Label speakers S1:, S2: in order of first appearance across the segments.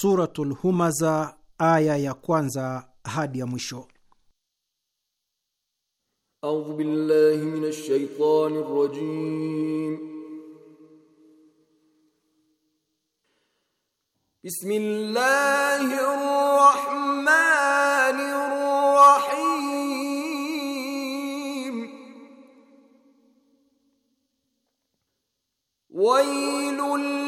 S1: Suratul Humaza aya ya kwanza hadi ya mwisho.
S2: A'udhu billahi minash shaitani rrajim. Bismillahir rahmanir rahim. Wailul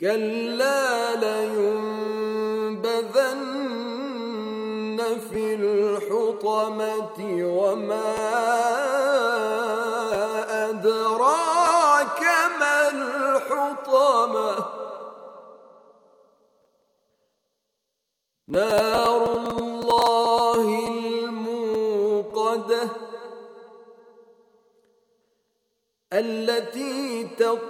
S2: كلا لينبذن في الحطمة وما أدراك ما الحطمة نار الله الموقدة التي تقوم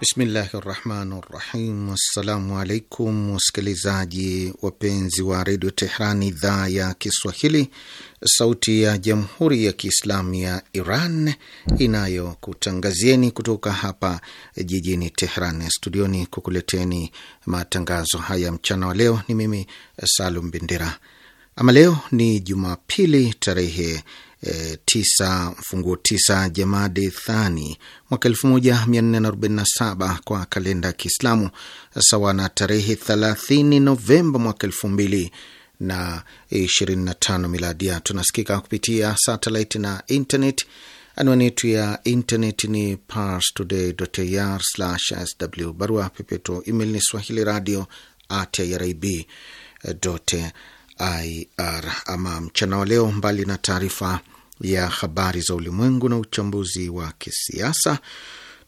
S3: Bismillahi rahmani rahim. Assalamu alaikum wasikilizaji wapenzi wa redio Tehran, idhaa ya Kiswahili, sauti ya jamhuri ya kiislamu ya Iran inayokutangazieni kutoka hapa jijini Tehran studioni kukuleteni matangazo haya mchana wa leo. Ni mimi Salum Bendera. Ama leo ni Jumapili tarehe Eh, tisa mfunguo tisa Jamadi Thani mwaka saba kwa kalenda ya Kiislamu, sawa na tarehe thelathini Novemba mwaka elfu2a mbili na miladi miladia. Tunasikika kupitia satellite na internet. Anwani yetu ya internet ni parstoday.ir/sw. Barua pepeto email ni swahili radio at irib IR. Ama mchana wa leo, mbali na taarifa ya habari za ulimwengu na uchambuzi wa kisiasa,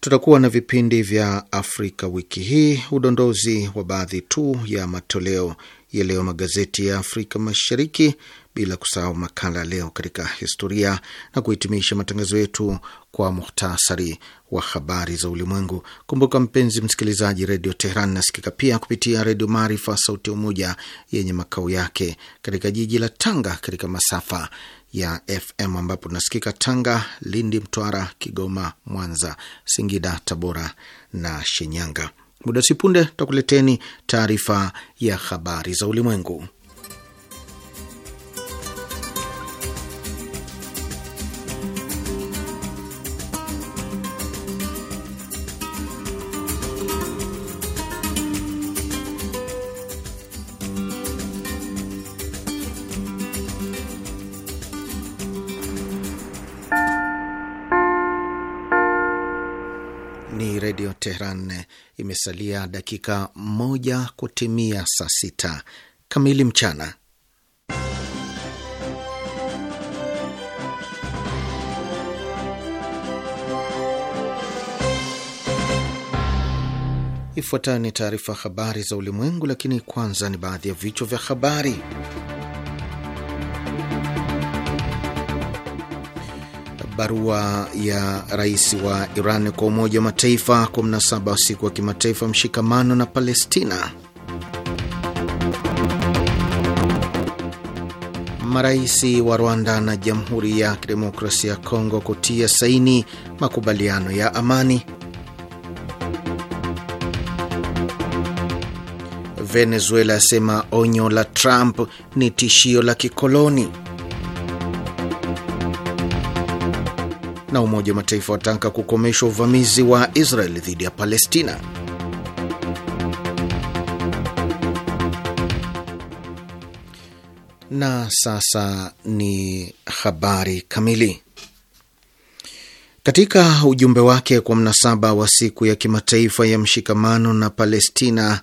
S3: tutakuwa na vipindi vya Afrika wiki hii, udondozi wa baadhi tu ya matoleo ya leo magazeti ya Afrika Mashariki, bila kusahau makala leo katika historia na kuhitimisha matangazo yetu kwa muhtasari wa habari za ulimwengu. Kumbuka mpenzi msikilizaji, Redio Teheran nasikika pia kupitia Redio Maarifa Sauti ya Umoja yenye makao yake katika jiji la Tanga katika masafa ya FM ambapo tunasikika Tanga, Lindi, Mtwara, Kigoma, Mwanza, Singida, Tabora na Shinyanga. Muda si punde tutakuleteni taarifa ya habari za ulimwengu. Tehran. Imesalia dakika moja kutimia saa sita kamili mchana. Ifuatayo ni taarifa habari za ulimwengu, lakini kwanza ni baadhi ya vichwa vya habari. barua ya rais wa Iran kwa Umoja wa Mataifa kwa mnasaba wa siku wa kimataifa mshikamano na Palestina. Marais wa Rwanda na Jamhuri ya Kidemokrasia ya Kongo kutia saini makubaliano ya amani. Venezuela asema onyo la Trump ni tishio la kikoloni. na Umoja wa Mataifa wataka kukomeshwa uvamizi wa Israel dhidi ya Palestina. Na sasa ni habari kamili. Katika ujumbe wake kwa mnasaba wa siku ya kimataifa ya mshikamano na Palestina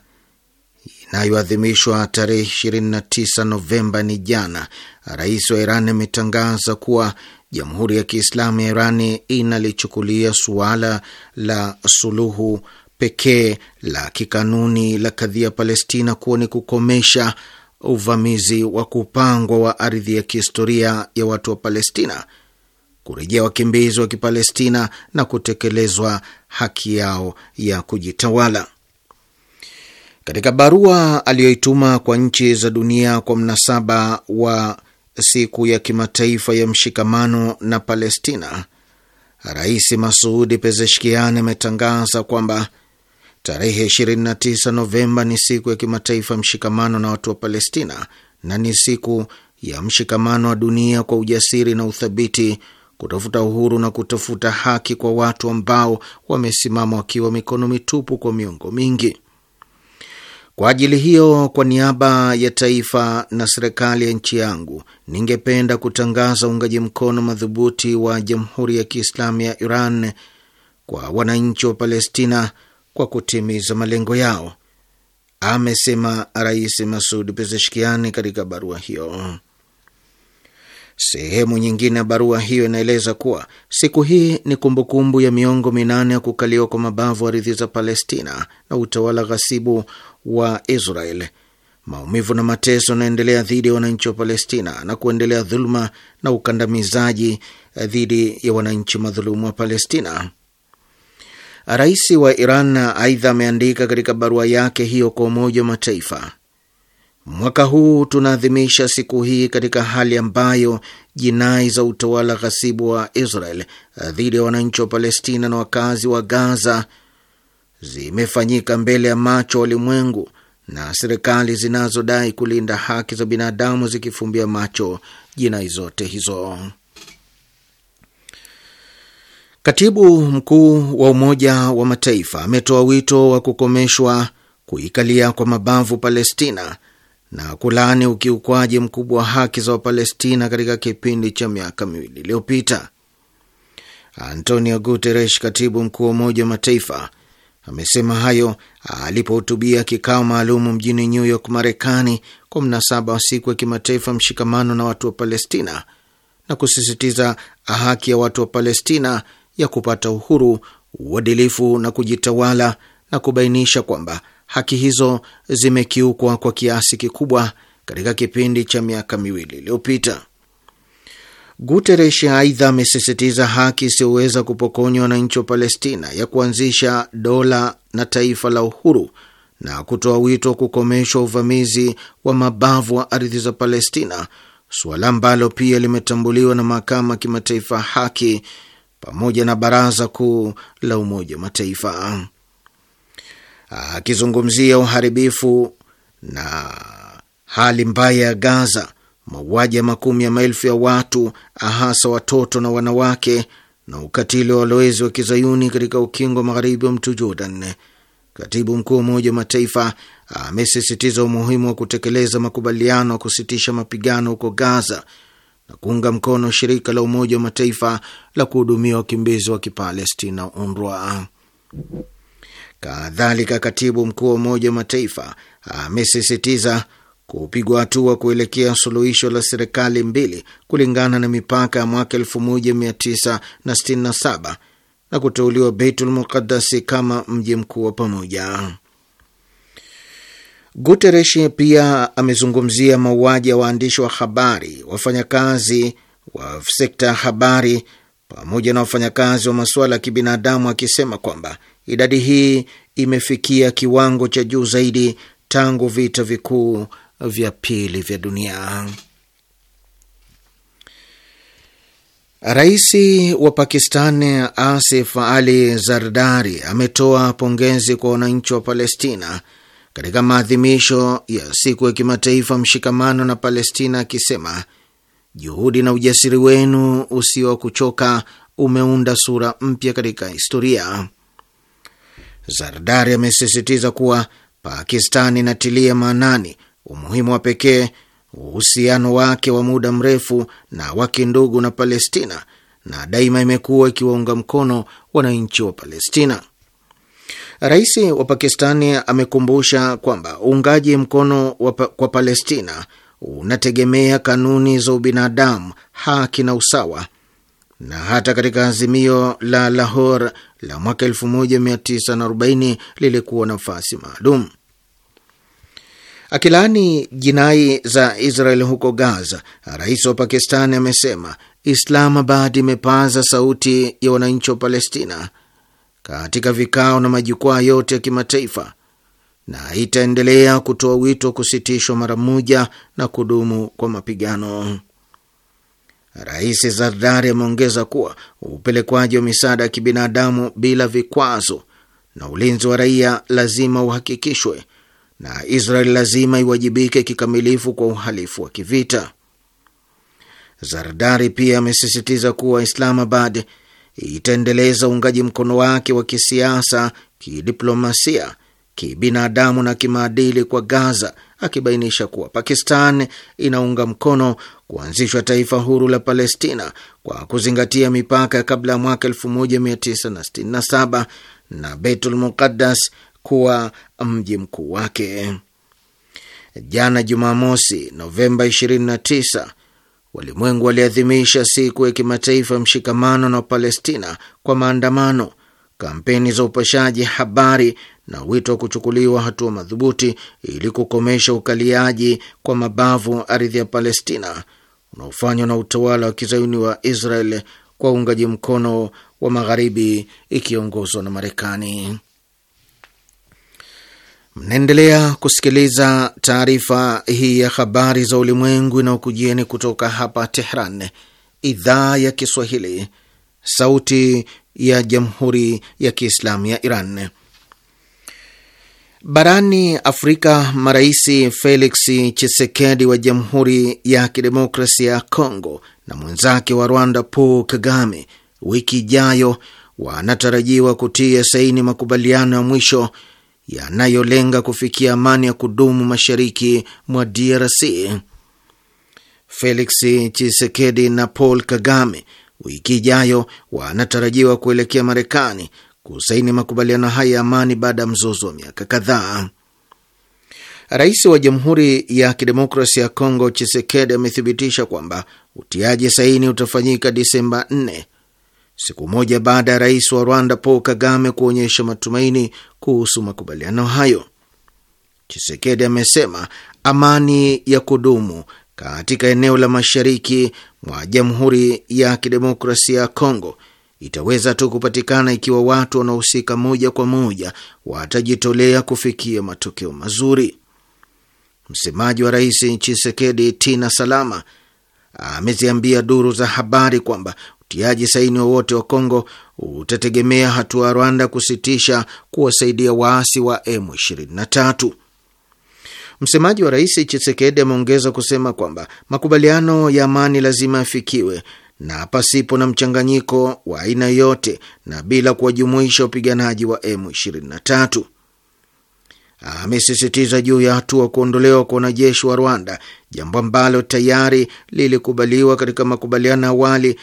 S3: inayoadhimishwa tarehe 29 Novemba ni jana, rais wa Iran ametangaza kuwa Jamhuri ya Kiislamu ya Irani inalichukulia suala la suluhu pekee la kikanuni la kadhia Palestina kuwa ni kukomesha uvamizi wa kupangwa wa ardhi ya kihistoria ya watu wa Palestina, kurejea wakimbizi wa Kipalestina na kutekelezwa haki yao ya kujitawala. Katika barua aliyoituma kwa nchi za dunia kwa mnasaba wa siku ya kimataifa ya mshikamano na Palestina, Rais Masudi Pezeshkian ametangaza kwamba tarehe 29 Novemba ni siku ya kimataifa ya mshikamano na watu wa Palestina na ni siku ya mshikamano wa dunia kwa ujasiri na uthabiti kutafuta uhuru na kutafuta haki kwa watu ambao wamesimama wakiwa mikono mitupu kwa miongo mingi. Kwa ajili hiyo, kwa niaba ya taifa na serikali ya nchi yangu, ningependa kutangaza uungaji mkono madhubuti wa Jamhuri ya Kiislamu ya Iran kwa wananchi wa Palestina kwa kutimiza malengo yao, amesema Rais Masud Pezeshkiani katika barua hiyo. Sehemu nyingine ya barua hiyo inaeleza kuwa siku hii ni kumbukumbu ya miongo minane ya kukaliwa kwa mabavu ardhi za Palestina na utawala ghasibu wa Israel. Maumivu na mateso yanaendelea dhidi ya wananchi wa Palestina na kuendelea dhuluma na ukandamizaji dhidi ya wananchi madhulumu wa Palestina. Rais wa Iran aidha ameandika katika barua yake hiyo kwa Umoja wa Mataifa, mwaka huu tunaadhimisha siku hii katika hali ambayo jinai za utawala ghasibu wa Israel dhidi ya wananchi wa Palestina na wakazi wa Gaza zimefanyika mbele ya macho walimwengu, na serikali zinazodai kulinda haki za binadamu zikifumbia macho jinai zote hizo. Katibu mkuu wa Umoja wa Mataifa ametoa wito wa kukomeshwa kuikalia kwa mabavu Palestina na kulaani ukiukwaji mkubwa wa haki za Wapalestina katika kipindi cha miaka miwili iliyopita. Antonio Guterres, katibu mkuu wa Umoja wa Mataifa, amesema hayo alipohutubia kikao maalum mjini New York, Marekani, kwa mnasaba wa siku ya kimataifa mshikamano na watu wa Palestina na kusisitiza haki ya watu wa Palestina ya kupata uhuru, uadilifu na kujitawala na kubainisha kwamba haki hizo zimekiukwa kwa kiasi kikubwa katika kipindi cha miaka miwili iliyopita. Guteresh aidha amesisitiza haki isiyoweza kupokonywa wananchi wa Palestina ya kuanzisha dola na taifa la uhuru na kutoa wito wa kukomeshwa uvamizi wa mabavu wa ardhi za Palestina, suala ambalo pia limetambuliwa na mahakama ya kimataifa ya haki pamoja na baraza kuu la Umoja wa Mataifa. Akizungumzia uharibifu na hali mbaya ya Gaza, mauaji ya makumi ya maelfu ya watu, hasa watoto na wanawake, na ukatili wa walowezi wa kizayuni katika ukingo magharibi wa mto Jordan. Katibu mkuu wa Umoja wa Mataifa amesisitiza umuhimu wa kutekeleza makubaliano ya kusitisha mapigano huko Gaza na kuunga mkono shirika la Umoja wa Mataifa la kuhudumia wakimbizi wa Kipalestina, UNRWA. Kadhalika, katibu mkuu wa Umoja wa Mataifa amesisitiza kupigwa hatua kuelekea suluhisho la serikali mbili kulingana na mipaka ya mwaka 1967 na kuteuliwa Beitul Muqaddasi kama mji mkuu wa pamoja. Guteresh pia amezungumzia mauaji ya waandishi wa habari, wafanyakazi wa sekta ya habari pamoja na wafanyakazi wa masuala ya kibinadamu, akisema kwamba idadi hii imefikia kiwango cha juu zaidi tangu vita vikuu vya pili vya dunia. Rais wa Pakistani Asif Ali Zardari ametoa pongezi kwa wananchi wa Palestina katika maadhimisho ya siku ya kimataifa mshikamano na Palestina, akisema juhudi na ujasiri wenu usio wa kuchoka umeunda sura mpya katika historia. Zardari amesisitiza kuwa Pakistani inatilia maanani umuhimu wa pekee uhusiano wake wa muda mrefu na wa kindugu na Palestina na daima imekuwa ikiwaunga mkono wananchi wa Palestina. Rais wa Pakistani amekumbusha kwamba uungaji mkono pa, kwa Palestina unategemea kanuni za ubinadamu, haki na usawa, na hata katika azimio la Lahore la mwaka 1940 lilikuwa nafasi maalum. Akilaani jinai za Israel huko Gaza, rais wa Pakistani amesema Islamabad imepaza sauti ya wananchi wa Palestina katika vikao na majukwaa yote ya kimataifa na itaendelea kutoa wito wa kusitishwa mara moja na kudumu kwa mapigano. Rais Zardari ameongeza kuwa upelekwaji wa misaada ya kibinadamu bila vikwazo na ulinzi wa raia lazima uhakikishwe na Israel lazima iwajibike kikamilifu kwa uhalifu wa kivita. Zardari pia amesisitiza kuwa Islamabad itaendeleza uungaji mkono wake wa kisiasa, kidiplomasia, kibinadamu na kimaadili kwa Gaza, akibainisha kuwa Pakistan inaunga mkono kuanzishwa taifa huru la Palestina kwa kuzingatia mipaka ya kabla ya mwaka 1967 na Beitul Muqaddas kuwa mji mkuu wake. Jana Jumamosi, Novemba 29, walimwengu waliadhimisha siku ya kimataifa ya mshikamano na Palestina kwa maandamano, kampeni za upashaji habari na wito wa kuchukuliwa hatua madhubuti ili kukomesha ukaliaji kwa mabavu ardhi ya Palestina unaofanywa na utawala wa kizayuni wa Israel kwa uungaji mkono wa Magharibi ikiongozwa na Marekani. Mnaendelea kusikiliza taarifa hii ya habari za ulimwengu inayokujieni kutoka hapa Tehran, idhaa ya Kiswahili, sauti ya jamhuri ya kiislamu ya Iran. Barani Afrika, marais Felix chisekedi wa Jamhuri ya Kidemokrasia ya Kongo na mwenzake wa Rwanda Paul Kagame wiki ijayo wanatarajiwa kutia saini makubaliano ya mwisho yanayolenga kufikia amani ya kudumu mashariki mwa DRC. Felix Tshisekedi na Paul Kagame wiki ijayo wanatarajiwa kuelekea Marekani kusaini makubaliano haya ya amani baada ya mzozo wa miaka kadhaa. Rais wa Jamhuri ya Kidemokrasia ya Kongo Tshisekedi amethibitisha kwamba utiaji saini utafanyika Disemba 4 siku moja baada ya rais wa Rwanda Paul Kagame kuonyesha matumaini kuhusu makubaliano hayo. Chisekedi amesema amani ya kudumu katika eneo la mashariki mwa Jamhuri ya Kidemokrasia ya Kongo itaweza tu kupatikana ikiwa watu wanaohusika moja kwa moja watajitolea kufikia matokeo mazuri. Msemaji wa rais Chisekedi Tina Salama ameziambia duru za habari kwamba Utiaji saini wowote wa Kongo utategemea hatua ya Rwanda kusitisha kuwasaidia waasi wa M23. Msemaji wa rais Chisekedi ameongeza kusema kwamba makubaliano ya amani lazima yafikiwe na pasipo na mchanganyiko wa aina yote na bila kuwajumuisha wapiganaji wa M23 amesisitiza juu ya hatua kuondolewa kwa wanajeshi wa Rwanda, jambo ambalo tayari lilikubaliwa katika makubaliano ya awali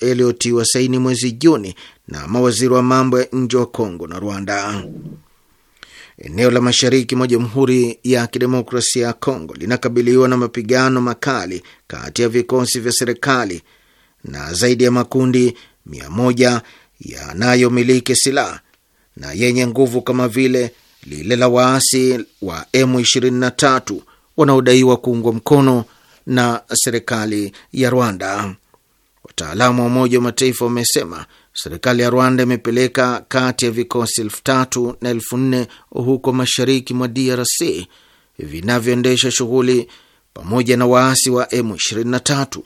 S3: yaliyotiwa saini mwezi Juni na mawaziri wa mambo ya nje wa Kongo na Rwanda. Eneo la mashariki mwa Jamhuri ya Kidemokrasia ya Kongo linakabiliwa na mapigano makali kati ya vikosi vya serikali na zaidi ya makundi mia moja yanayomiliki silaha na yenye nguvu kama vile lile la waasi wa M23 wanaodaiwa kuungwa mkono na serikali ya Rwanda. Wataalamu wa Umoja wa Mataifa wamesema serikali ya Rwanda imepeleka kati ya vikosi elfu tatu na elfu nne huko mashariki mwa DRC vinavyoendesha shughuli pamoja na waasi wa M23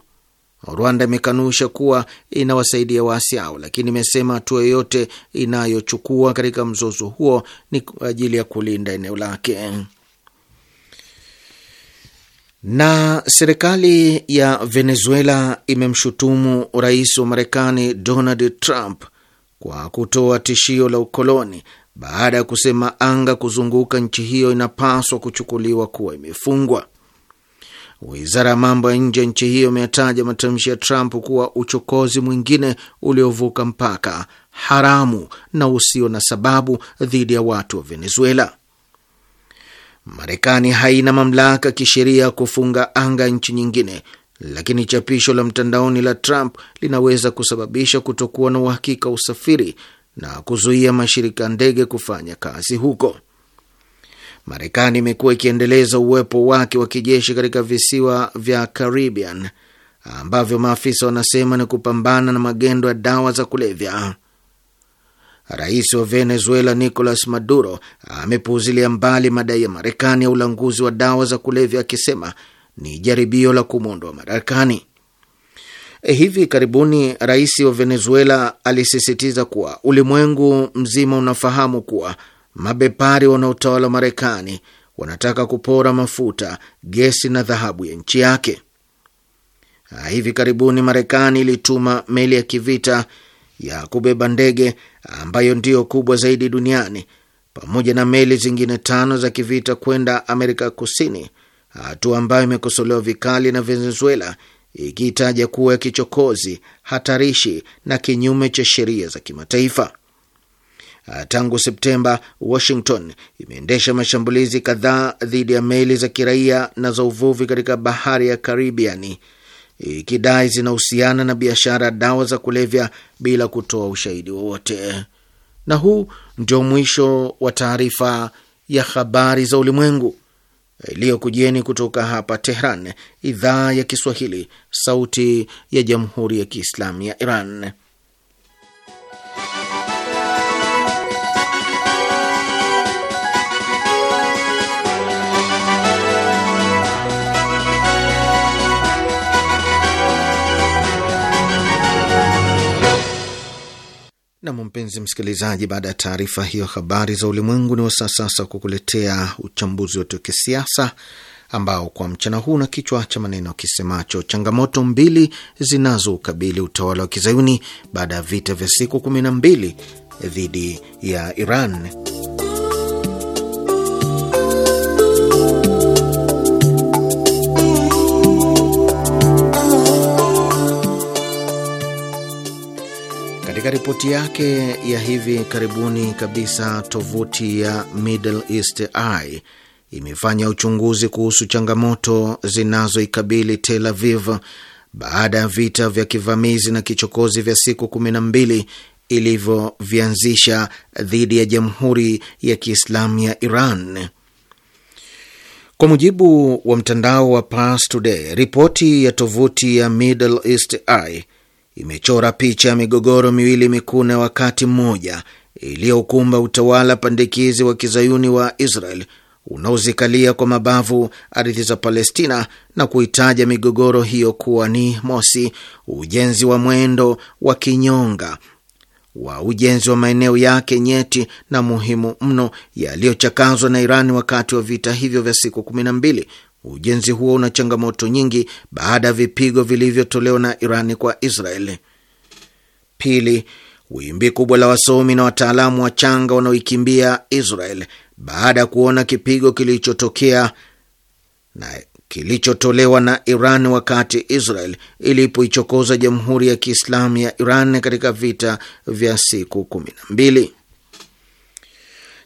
S3: Rwanda imekanusha kuwa inawasaidia waasi hao, lakini imesema hatua yoyote inayochukua katika mzozo huo ni kwa ajili ya kulinda eneo lake. Na serikali ya Venezuela imemshutumu rais wa Marekani Donald Trump kwa kutoa tishio la ukoloni baada ya kusema anga kuzunguka nchi hiyo inapaswa kuchukuliwa kuwa imefungwa. Wizara ya mambo ya nje ya nchi hiyo imetaja matamshi ya Trump kuwa uchokozi mwingine uliovuka mpaka haramu na usio na sababu dhidi ya watu wa Venezuela. Marekani haina mamlaka kisheria ya kufunga anga nchi nyingine, lakini chapisho la mtandaoni la Trump linaweza kusababisha kutokuwa na uhakika usafiri na kuzuia mashirika ndege kufanya kazi huko. Marekani imekuwa ikiendeleza uwepo wake wa kijeshi katika visiwa vya Caribbean ambavyo maafisa wanasema ni kupambana na magendo ya dawa za kulevya. Rais wa Venezuela Nicolas Maduro amepuuzilia mbali madai ya Marekani ya ulanguzi wa dawa za kulevya akisema ni jaribio la kumwondoa madarakani. Eh, hivi karibuni rais wa Venezuela alisisitiza kuwa ulimwengu mzima unafahamu kuwa mabepari wanaotawala Marekani wanataka kupora mafuta, gesi na dhahabu ya nchi yake. Ah, hivi karibuni Marekani ilituma meli ya kivita ya kubeba ndege ambayo ndiyo kubwa zaidi duniani pamoja na meli zingine tano za kivita kwenda Amerika Kusini, hatua ambayo imekosolewa vikali na Venezuela ikiitaja kuwa ya kichokozi, hatarishi na kinyume cha sheria za kimataifa. Ah, tangu Septemba, Washington imeendesha mashambulizi kadhaa dhidi ya meli za kiraia na za uvuvi katika bahari ya Karibiani, ikidai zinahusiana na biashara dawa za kulevya bila kutoa ushahidi wowote. Na huu ndio mwisho wa taarifa ya habari za ulimwengu eh, iliyokujieni kutoka hapa Tehran, idhaa ya Kiswahili, sauti ya jamhuri ya kiislamu ya Iran. Nam, mpenzi msikilizaji, baada ya taarifa hiyo habari za ulimwengu, ni wasaa sasa kukuletea uchambuzi wetu wa kisiasa ambao kwa mchana huu na kichwa cha maneno kisemacho changamoto mbili zinazoukabili utawala wa kizayuni baada ya vita vya siku kumi na mbili dhidi ya Iran. Katika ripoti yake ya hivi karibuni kabisa, tovuti ya Middle East Eye imefanya uchunguzi kuhusu changamoto zinazoikabili Tel Aviv baada ya vita vya kivamizi na kichokozi vya siku kumi na mbili ilivyovianzisha dhidi ya Jamhuri ya Kiislamu ya Iran. Kwa mujibu wa mtandao wa Pars Today, ripoti ya tovuti ya Middle East Eye imechora picha ya migogoro miwili mikuu na wakati mmoja iliyokumba utawala pandikizi wa kizayuni wa Israel unaozikalia kwa mabavu ardhi za Palestina na kuitaja migogoro hiyo kuwa ni mosi, ujenzi wa mwendo wa kinyonga wa ujenzi wa maeneo yake nyeti na muhimu mno yaliyochakazwa na Irani wakati wa vita hivyo vya siku kumi na mbili Ujenzi huo una changamoto nyingi baada ya vipigo vilivyotolewa na Irani kwa Israeli. Pili, wimbi kubwa la wasomi na wataalamu wachanga wanaoikimbia Israel baada ya kuona kipigo kilichotokea na kilichotolewa na Iran wakati Israel ilipoichokoza Jamhuri ya Kiislamu ya Iran katika vita vya siku kumi na mbili.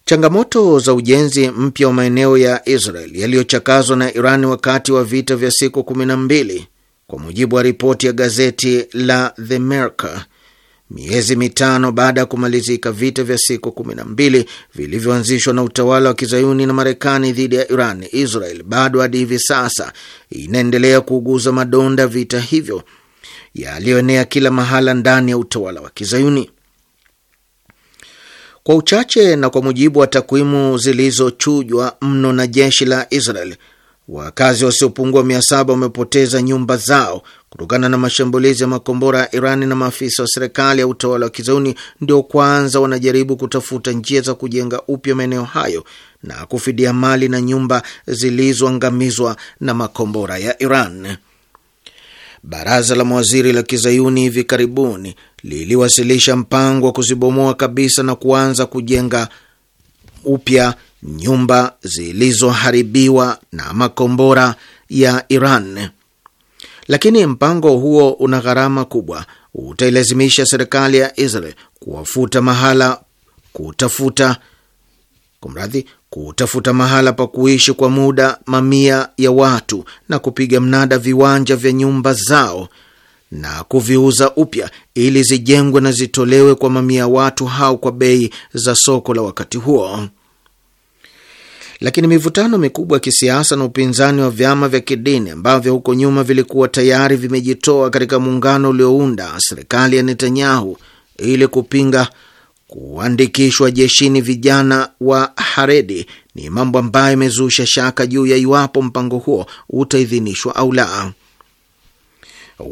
S3: Changamoto za ujenzi mpya wa maeneo ya Israel yaliyochakazwa na Iran wakati wa vita vya siku 12 kwa mujibu wa ripoti ya gazeti la The Merkur, miezi mitano baada ya kumalizika vita vya siku 12 vilivyoanzishwa na utawala wa kizayuni na Marekani dhidi ya Iran, Israel bado hadi hivi sasa inaendelea kuuguza madonda vita hivyo yaliyoenea kila mahala ndani ya utawala wa kizayuni. Kwa uchache na kwa mujibu wa takwimu zilizochujwa mno na jeshi la Israel, wakazi wasiopungua mia saba wamepoteza nyumba zao kutokana na mashambulizi ya makombora ya iran na maafisa wa serikali ya utawala wa kizauni ndio kwanza wanajaribu kutafuta njia za kujenga upya maeneo hayo na kufidia mali na nyumba zilizoangamizwa na makombora ya Iran. Baraza la mawaziri la kizayuni hivi karibuni liliwasilisha mpango wa kuzibomoa kabisa na kuanza kujenga upya nyumba zilizoharibiwa na makombora ya Iran, lakini mpango huo una gharama kubwa, utailazimisha serikali ya Israel kuwafuta mahala kutafuta kumradhi, kutafuta mahala pa kuishi kwa muda mamia ya watu na kupiga mnada viwanja vya nyumba zao na kuviuza upya ili zijengwe na zitolewe kwa mamia ya watu hao kwa bei za soko la wakati huo. Lakini mivutano mikubwa ya kisiasa na upinzani wa vyama vya kidini ambavyo huko nyuma vilikuwa tayari vimejitoa katika muungano uliounda serikali ya Netanyahu ili kupinga kuandikishwa jeshini vijana wa Haredi ni mambo ambayo imezusha shaka juu ya iwapo mpango huo utaidhinishwa au la.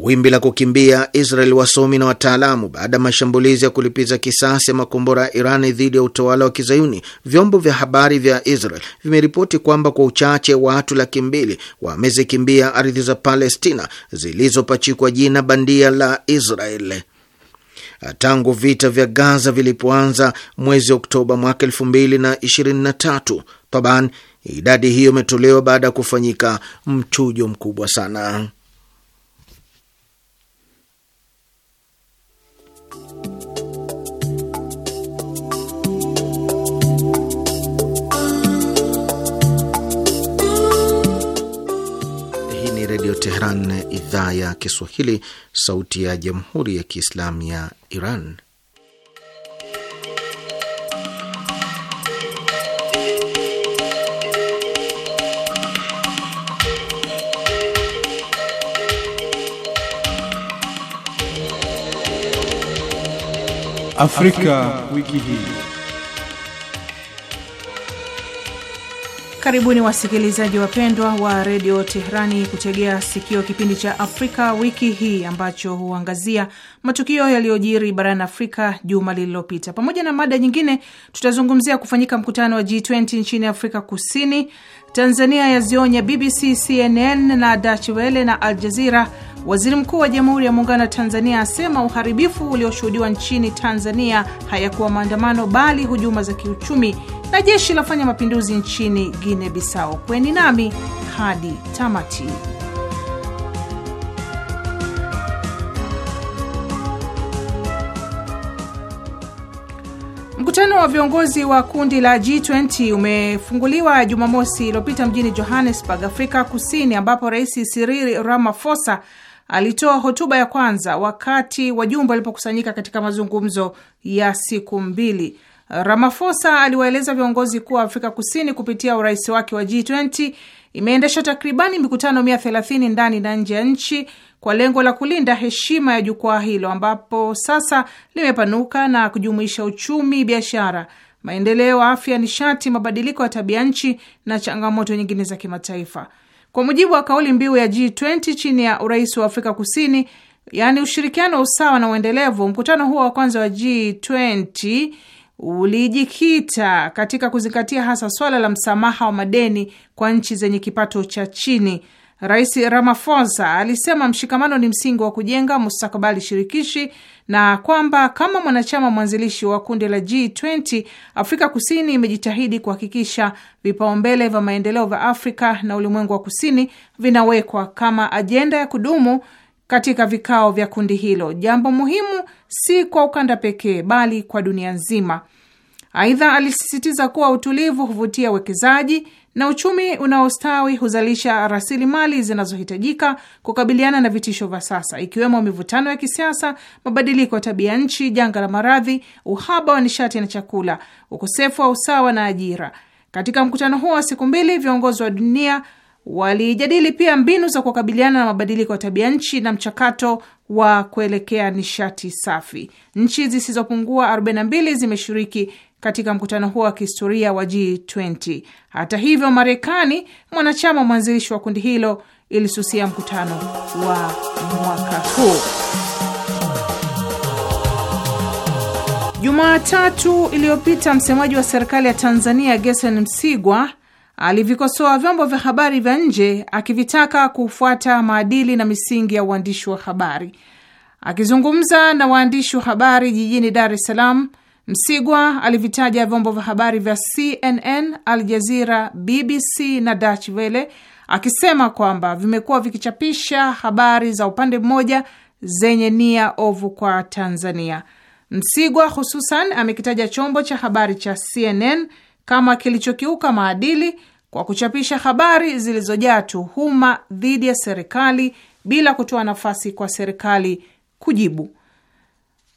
S3: Wimbi la kukimbia Israel wasomi na wataalamu baada ya mashambulizi ya kulipiza kisasi ya makombora ya Irani dhidi ya utawala wa Kizayuni. Vyombo vya habari vya Israel vimeripoti kwamba kwa uchache watu laki mbili wamezikimbia ardhi za Palestina zilizopachikwa jina bandia la Israel. Eh, tangu vita vya Gaza vilipoanza mwezi Oktoba mwaka elfu mbili na ishirini na tatu. Taban idadi hiyo imetolewa baada ya kufanyika mchujo mkubwa sana. Tehran, idhaa ya Kiswahili, sauti ya jamhuri ya kiislamu ya Iran.
S4: Afrika, Afrika wiki hii.
S5: Karibuni wasikilizaji wapendwa wa redio Teherani kutegea sikio kipindi cha Afrika wiki hii ambacho huangazia matukio yaliyojiri barani Afrika juma lililopita. Pamoja na mada nyingine, tutazungumzia kufanyika mkutano wa G20 nchini Afrika Kusini, Tanzania yazionya BBC, CNN na Deutsche Welle na Al Jazeera. Waziri Mkuu wa Jamhuri ya Muungano wa Tanzania asema uharibifu ulioshuhudiwa nchini Tanzania hayakuwa maandamano bali hujuma za kiuchumi. Na jeshi lafanya mapinduzi nchini Guinea Bissau. Kweni nami hadi tamati. Mkutano wa viongozi wa kundi la G20 umefunguliwa Jumamosi iliyopita mjini Johannesburg, Afrika Kusini, ambapo Rais Cyril Ramaphosa alitoa hotuba ya kwanza wakati wajumbe walipokusanyika katika mazungumzo ya siku mbili. Ramaphosa aliwaeleza viongozi kuwa Afrika Kusini kupitia urais wake wa G20 imeendesha takribani mikutano 30 ndani na nje ya nchi kwa lengo la kulinda heshima ya jukwaa hilo ambapo sasa limepanuka na kujumuisha uchumi, biashara, maendeleo, afya, nishati, mabadiliko ya tabia nchi na changamoto nyingine za kimataifa. Kwa mujibu wa kauli mbiu ya G20 chini ya urais wa Afrika Kusini, yaani ushirikiano wa usawa na uendelevu, mkutano huo wa kwanza wa G20 ulijikita katika kuzingatia hasa swala la msamaha wa madeni kwa nchi zenye kipato cha chini Rais Ramaphosa alisema mshikamano ni msingi wa kujenga mustakabali shirikishi na kwamba kama mwanachama mwanzilishi wa kundi la G20, Afrika Kusini imejitahidi kuhakikisha vipaumbele vya maendeleo vya Afrika na ulimwengu wa Kusini vinawekwa kama ajenda ya kudumu katika vikao vya kundi hilo, jambo muhimu si kwa ukanda pekee, bali kwa dunia nzima. Aidha, alisisitiza kuwa utulivu huvutia uwekezaji na uchumi unaostawi huzalisha rasilimali zinazohitajika kukabiliana na vitisho vya sasa, ikiwemo mivutano ya kisiasa, mabadiliko ya tabia nchi, janga la maradhi, uhaba wa nishati na chakula, ukosefu wa usawa na ajira. Katika mkutano huo wa siku mbili, viongozi wa dunia walijadili pia mbinu za kukabiliana na mabadiliko ya tabia nchi na mchakato wa kuelekea nishati safi. Nchi zisizopungua 42 zimeshiriki katika mkutano huo wa kihistoria wa G20. Hata hivyo, Marekani, mwanachama mwanzilishi wa kundi hilo, ilisusia mkutano wa mwaka huu. Jumatatu iliyopita msemaji wa serikali ya Tanzania gesen Msigwa alivikosoa vyombo vya habari vya nje akivitaka kufuata maadili na misingi ya uandishi wa habari. Akizungumza na waandishi wa habari jijini Dar es Salaam, Msigwa alivitaja vyombo vya habari vya CNN, Al Jazeera, BBC na Deutsche Welle akisema kwamba vimekuwa vikichapisha habari za upande mmoja zenye nia ovu kwa Tanzania. Msigwa hususan amekitaja chombo cha habari cha CNN kama kilichokiuka maadili kwa kuchapisha habari zilizojaa tuhuma dhidi ya serikali bila kutoa nafasi kwa serikali kujibu.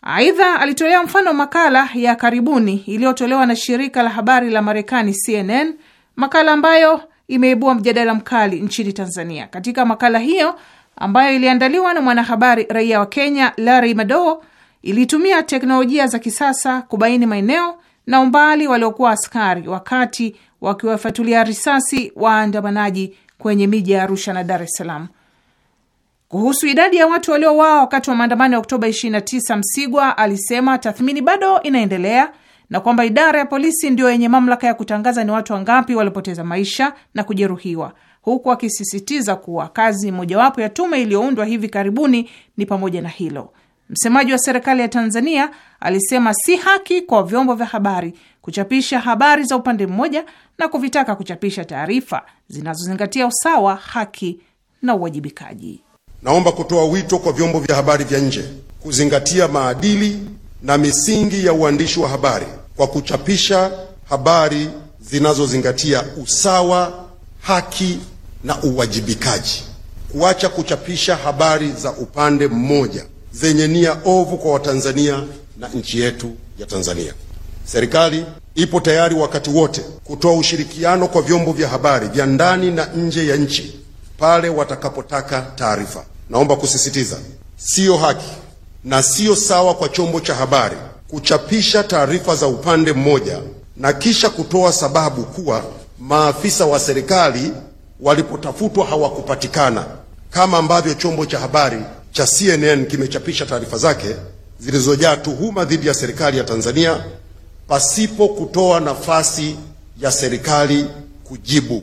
S5: Aidha, alitolea mfano makala ya karibuni iliyotolewa na shirika la habari la Marekani CNN, makala ambayo imeibua mjadala mkali nchini Tanzania. Katika makala hiyo ambayo iliandaliwa na mwanahabari raia wa Kenya Larry Madowo, ilitumia teknolojia za kisasa kubaini maeneo na umbali waliokuwa askari wakati wakiwafyatulia risasi waandamanaji kwenye miji ya Arusha na Dar es Salaam. Kuhusu idadi ya watu waliouawa wakati wa maandamano ya Oktoba 29, Msigwa alisema tathmini bado inaendelea na kwamba idara ya polisi ndiyo yenye mamlaka ya kutangaza ni watu wangapi waliopoteza maisha na kujeruhiwa, huku akisisitiza kuwa kazi mojawapo ya tume iliyoundwa hivi karibuni ni pamoja na hilo. Msemaji wa serikali ya Tanzania alisema si haki kwa vyombo vya habari kuchapisha habari za upande mmoja na kuvitaka kuchapisha taarifa zinazozingatia usawa, haki na uwajibikaji
S4: naomba kutoa wito kwa vyombo vya habari vya nje kuzingatia maadili na misingi ya uandishi wa habari kwa kuchapisha habari zinazozingatia usawa, haki na uwajibikaji, kuacha kuchapisha habari za upande mmoja zenye nia ovu kwa Watanzania na nchi yetu ya Tanzania. Serikali ipo tayari wakati wote kutoa ushirikiano kwa vyombo vya habari vya ndani na nje ya nchi pale watakapotaka taarifa. Naomba kusisitiza, siyo haki na siyo sawa kwa chombo cha habari kuchapisha taarifa za upande mmoja na kisha kutoa sababu kuwa maafisa wa serikali walipotafutwa hawakupatikana, kama ambavyo chombo cha habari cha CNN kimechapisha taarifa zake zilizojaa tuhuma dhidi ya serikali ya Tanzania pasipo kutoa nafasi ya serikali kujibu.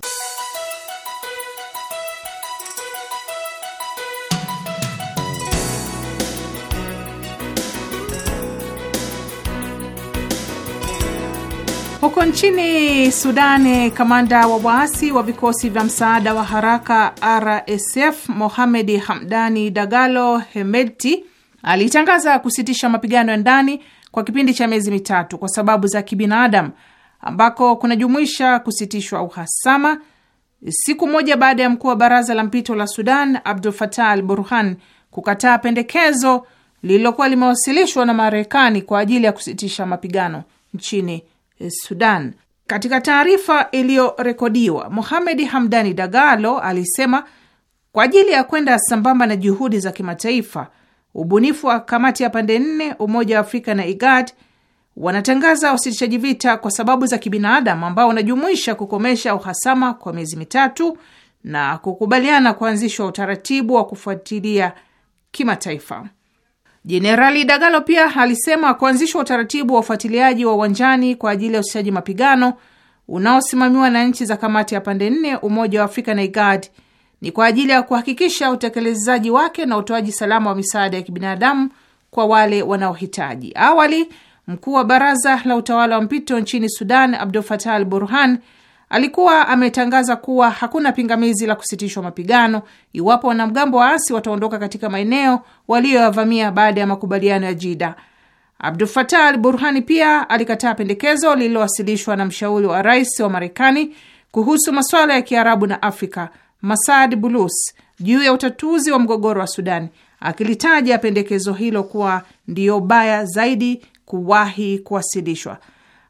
S5: Huko nchini Sudani, kamanda wa waasi wa vikosi vya msaada wa haraka RSF Mohamedi Hamdani Dagalo Hemedti alitangaza kusitisha mapigano ya ndani kwa kipindi cha miezi mitatu kwa sababu za kibinadamu, ambako kunajumuisha kusitishwa uhasama, siku moja baada ya mkuu wa baraza la mpito la Sudan Abdul Fatah al Burhan kukataa pendekezo lililokuwa limewasilishwa na Marekani kwa ajili ya kusitisha mapigano nchini Eh, Sudan. Katika taarifa iliyorekodiwa, Mohamed Hamdani Dagalo alisema kwa ajili ya kwenda sambamba na juhudi za kimataifa, ubunifu wa kamati ya pande nne, Umoja wa Afrika na IGAD wanatangaza usitishaji vita kwa sababu za kibinadamu ambao unajumuisha kukomesha uhasama kwa miezi mitatu na kukubaliana kuanzishwa utaratibu wa kufuatilia kimataifa. Jenerali Dagalo pia alisema kuanzishwa utaratibu wa ufuatiliaji wa uwanjani kwa ajili ya usitishaji mapigano unaosimamiwa na nchi za kamati ya pande nne, Umoja wa Afrika na IGAD ni kwa ajili ya kuhakikisha utekelezaji wake na utoaji salama wa misaada ya kibinadamu kwa wale wanaohitaji. Awali, mkuu wa baraza la utawala wa mpito nchini Sudan Abdul Fatah al Burhan Alikuwa ametangaza kuwa hakuna pingamizi la kusitishwa mapigano iwapo wanamgambo waasi wataondoka katika maeneo waliyoyavamia baada ya makubaliano ya Jida. Abdul Fatah al Burhani pia alikataa pendekezo lililowasilishwa na mshauri wa rais wa Marekani kuhusu masuala ya Kiarabu na Afrika, Masad Bulus, juu ya utatuzi wa mgogoro wa Sudani, akilitaja pendekezo hilo kuwa ndiyo baya zaidi kuwahi kuwasilishwa.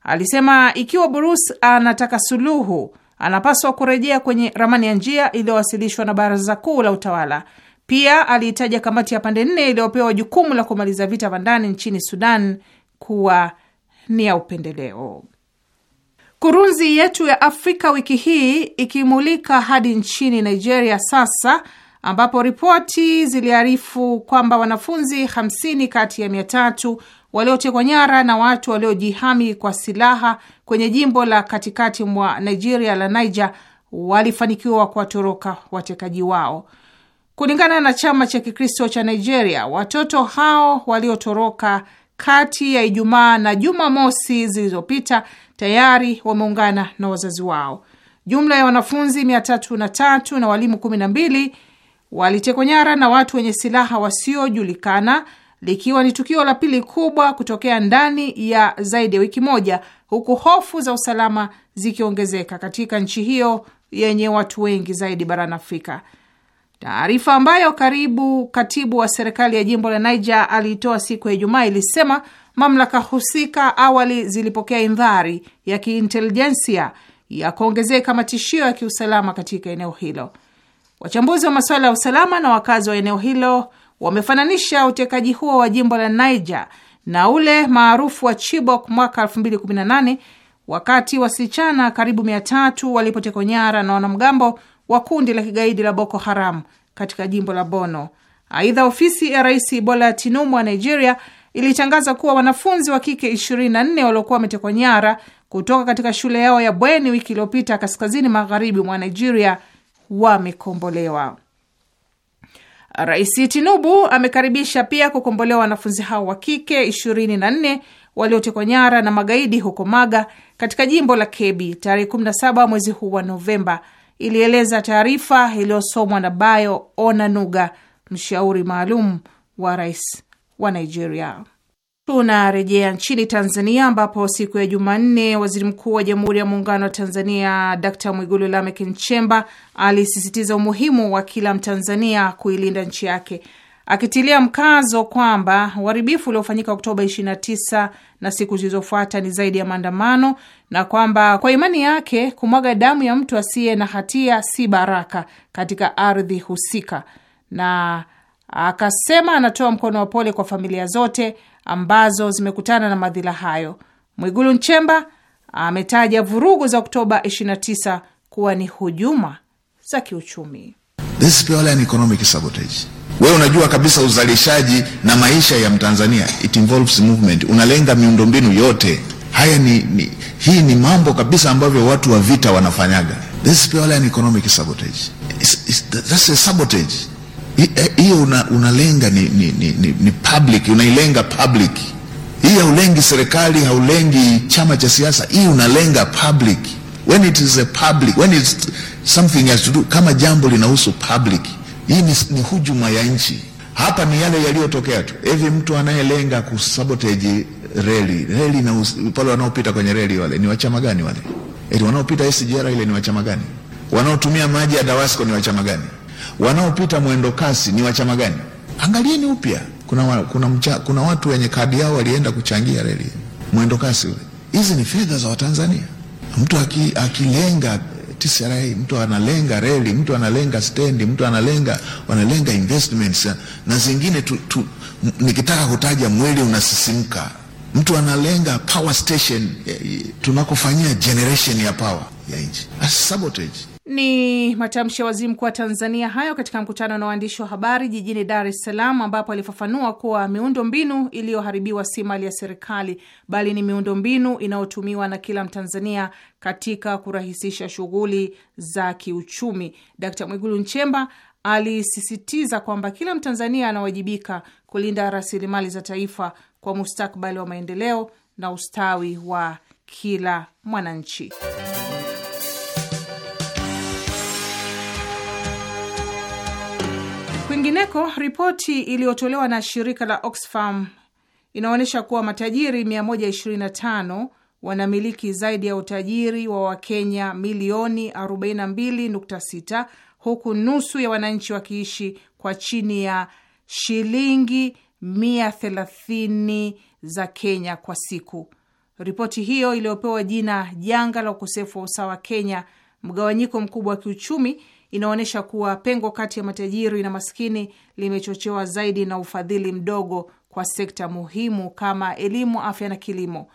S5: Alisema ikiwa Burus anataka suluhu, anapaswa kurejea kwenye ramani ya njia iliyowasilishwa na Baraza Kuu la Utawala. Pia aliitaja kamati ya pande nne iliyopewa jukumu la kumaliza vita vya ndani nchini Sudan kuwa ni ya upendeleo. Kurunzi yetu ya Afrika wiki hii ikimulika hadi nchini Nigeria sasa, ambapo ripoti ziliarifu kwamba wanafunzi 50 kati ya mia tatu waliotekwa nyara na watu waliojihami kwa silaha kwenye jimbo la katikati mwa Nigeria la Niger walifanikiwa kuwatoroka watekaji wao. Kulingana na chama cha Kikristo cha Nigeria, watoto hao waliotoroka kati ya Ijumaa na Jumamosi zilizopita tayari wameungana na wazazi wao. Jumla ya wanafunzi mia tatu na tatu na walimu kumi na mbili walitekwa nyara na watu wenye silaha wasiojulikana likiwa ni tukio la pili kubwa kutokea ndani ya zaidi ya wiki moja, huku hofu za usalama zikiongezeka katika nchi hiyo yenye watu wengi zaidi barani Afrika. Taarifa ambayo karibu katibu wa serikali ya jimbo la Niger aliitoa siku ya Ijumaa ilisema mamlaka husika awali zilipokea indhari ya kiintelijensia ya kuongezeka matishio ya kiusalama katika eneo hilo. Wachambuzi wa masuala ya usalama na wakazi wa eneo hilo wamefananisha utekaji huo wa jimbo la Niger na ule maarufu wa Chibok mwaka 2018 wakati wasichana karibu 300 walipotekwa nyara na wanamgambo wa kundi la kigaidi la Boko Haram katika jimbo la Bono. Aidha, ofisi ya Rais Bola Tinubu wa Nigeria ilitangaza kuwa wanafunzi wa kike 24 waliokuwa wametekwa nyara kutoka katika shule yao ya bweni wiki iliyopita kaskazini magharibi mwa Nigeria wamekombolewa. Rais Tinubu amekaribisha pia kukombolewa wanafunzi hao wa kike 24 waliotekwa nyara na magaidi huko Maga katika jimbo la Kebi tarehe 17 mwezi huu wa Novemba, ilieleza taarifa iliyosomwa na Bayo Onanuga, mshauri maalum wa rais wa Nigeria. Tunarejea nchini Tanzania ambapo siku ya Jumanne waziri mkuu wa Jamhuri ya Muungano wa Tanzania Dkt Mwigulu Lamek Nchemba alisisitiza umuhimu wa kila Mtanzania kuilinda nchi yake akitilia mkazo kwamba uharibifu uliofanyika Oktoba 29 na siku zilizofuata ni zaidi ya maandamano na kwamba kwa imani yake kumwaga damu ya mtu asiye na hatia si baraka katika ardhi husika, na akasema anatoa mkono wa pole kwa familia zote ambazo zimekutana na madhila hayo. Mwigulu Nchemba ametaja vurugu za Oktoba 29 kuwa ni hujuma za kiuchumi.
S6: This is an economic sabotage. Wewe unajua kabisa uzalishaji na maisha ya Mtanzania it involves movement, unalenga miundombinu yote. Haya ni, ni hii ni mambo kabisa ambavyo watu wa vita wanafanyaga. This is an economic sabotage. It's, it's, that's a sabotage. Eh, hiyo una, unalenga ni, ni, ni, ni public, unailenga public hii, haulengi serikali, haulengi chama cha siasa, hii unalenga public. When it is a public, when it's something has to do, kama jambo linahusu public, hii ni, ni hujuma ya nchi. Hapa ni yale yaliyotokea tu hivi, mtu anayelenga kusabotage reli reli na pale wanaopita kwenye reli wale ni wachama gani wale? Eti wanaopita SGR ile ni wachama gani? Wanaotumia maji ya Dawasco ni wachama gani? wanaopita mwendo kasi ni wa chama gani? Angalieni upya. Kuna, wa, kuna, mcha, kuna watu wenye kadi yao walienda kuchangia reli mwendo kasi ule. Hizi ni fedha za Watanzania. Mtu aki, akilenga TCRA, mtu analenga reli, mtu analenga stendi, mtu analenga wanalenga investments na zingine tu, tu, nikitaka kutaja mweli unasisimka. Mtu analenga power station eh, tunakofanyia generation ya power ya nchi, sabotage
S5: ni matamshi ya waziri mkuu wa Tanzania hayo katika mkutano na waandishi wa habari jijini Dar es Salaam, ambapo alifafanua kuwa miundo mbinu iliyoharibiwa si mali ya serikali, bali ni miundo mbinu inayotumiwa na kila Mtanzania katika kurahisisha shughuli za kiuchumi. Dkt Mwigulu Nchemba alisisitiza kwamba kila Mtanzania anawajibika kulinda rasilimali za taifa kwa mustakbali wa maendeleo na ustawi wa kila mwananchi. Kwingineko, ripoti iliyotolewa na shirika la Oxfam inaonyesha kuwa matajiri 125 wanamiliki zaidi ya utajiri wa Wakenya milioni 42.6 huku nusu ya wananchi wakiishi kwa chini ya shilingi 130 za Kenya kwa siku. Ripoti hiyo iliyopewa jina janga la ukosefu wa usawa Kenya, mgawanyiko mkubwa wa kiuchumi inaonyesha kuwa pengo kati ya matajiri na maskini limechochewa zaidi na ufadhili mdogo kwa sekta muhimu kama elimu, afya na kilimo.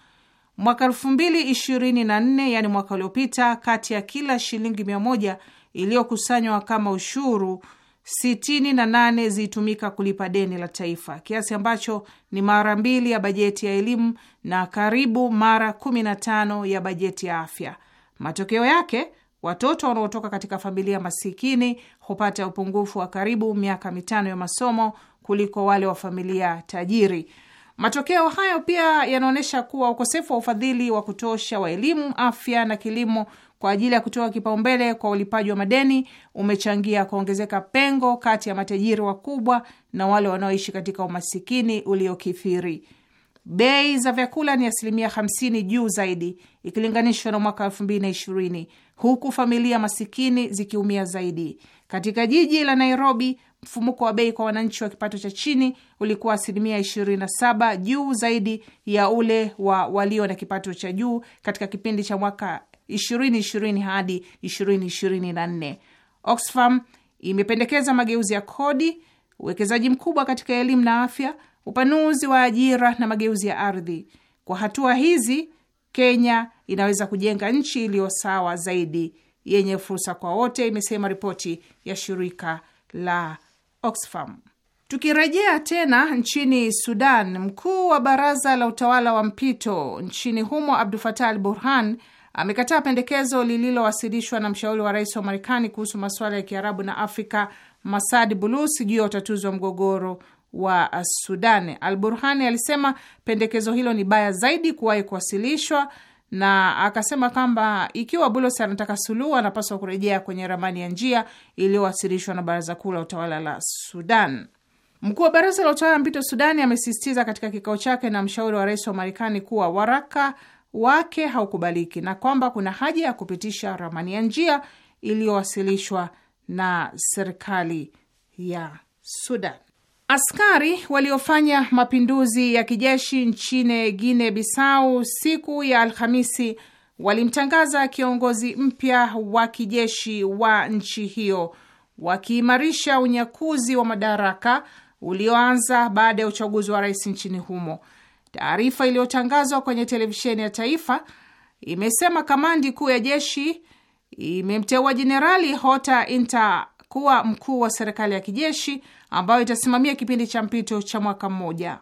S5: Mwaka elfu mbili ishirini na nne, yaani mwaka uliopita, kati ya kila shilingi mia moja iliyokusanywa kama ushuru, sitini na nane zilitumika kulipa deni la taifa, kiasi ambacho ni mara mbili ya bajeti ya elimu na karibu mara kumi na tano ya bajeti ya afya. Matokeo yake Watoto wanaotoka katika familia masikini hupata upungufu wa karibu miaka mitano ya masomo kuliko wale wa familia tajiri. Matokeo hayo pia yanaonyesha kuwa ukosefu wa ufadhili wa kutosha wa elimu, afya na kilimo kwa ajili ya kutoa kipaumbele kwa ulipaji wa madeni umechangia kuongezeka pengo kati ya matajiri wakubwa na wale wanaoishi katika umasikini uliokithiri. Bei za vyakula ni asilimia 50 juu zaidi ikilinganishwa na mwaka 2020 huku familia masikini zikiumia zaidi. Katika jiji la Nairobi, mfumuko wa bei kwa wananchi wa kipato cha chini ulikuwa asilimia 27 juu zaidi ya ule wa walio na kipato cha juu katika kipindi cha mwaka 2020 hadi 2024. Oxfam imependekeza mageuzi ya kodi, uwekezaji mkubwa katika elimu na afya upanuzi wa ajira na mageuzi ya ardhi. Kwa hatua hizi, Kenya inaweza kujenga nchi iliyo sawa zaidi, yenye fursa kwa wote, imesema ripoti ya shirika la Oxfam. Tukirejea tena nchini Sudan, mkuu wa baraza la utawala wa mpito nchini humo Abdul Fatah al Burhan amekataa pendekezo lililowasilishwa na mshauri wa rais wa Marekani kuhusu masuala ya Kiarabu na Afrika Masad Bulus juu ya utatuzi wa mgogoro wa sudan Al Burhani alisema pendekezo hilo ni baya zaidi kuwahi kuwasilishwa, na akasema kwamba ikiwa Bulos anataka suluhu, anapaswa kurejea kwenye ramani ya njia iliyowasilishwa na Baraza Kuu la Utawala la Sudan. Mkuu wa Baraza la Utawala mpito Sudani amesisitiza katika kikao chake na mshauri wa rais wa Marekani kuwa waraka wake haukubaliki na kwamba kuna haja ya kupitisha ramani ya njia iliyowasilishwa na serikali ya Sudan. Askari waliofanya mapinduzi ya kijeshi nchini Guinea Bissau siku ya Alhamisi walimtangaza kiongozi mpya wa kijeshi wa nchi hiyo, wakiimarisha unyakuzi wa madaraka ulioanza baada ya uchaguzi wa rais nchini humo. Taarifa iliyotangazwa kwenye televisheni ya taifa imesema kamandi kuu ya jeshi imemteua Jenerali Hota Inta kuwa mkuu wa serikali ya kijeshi ambayo itasimamia kipindi cha mpito cha mwaka mmoja.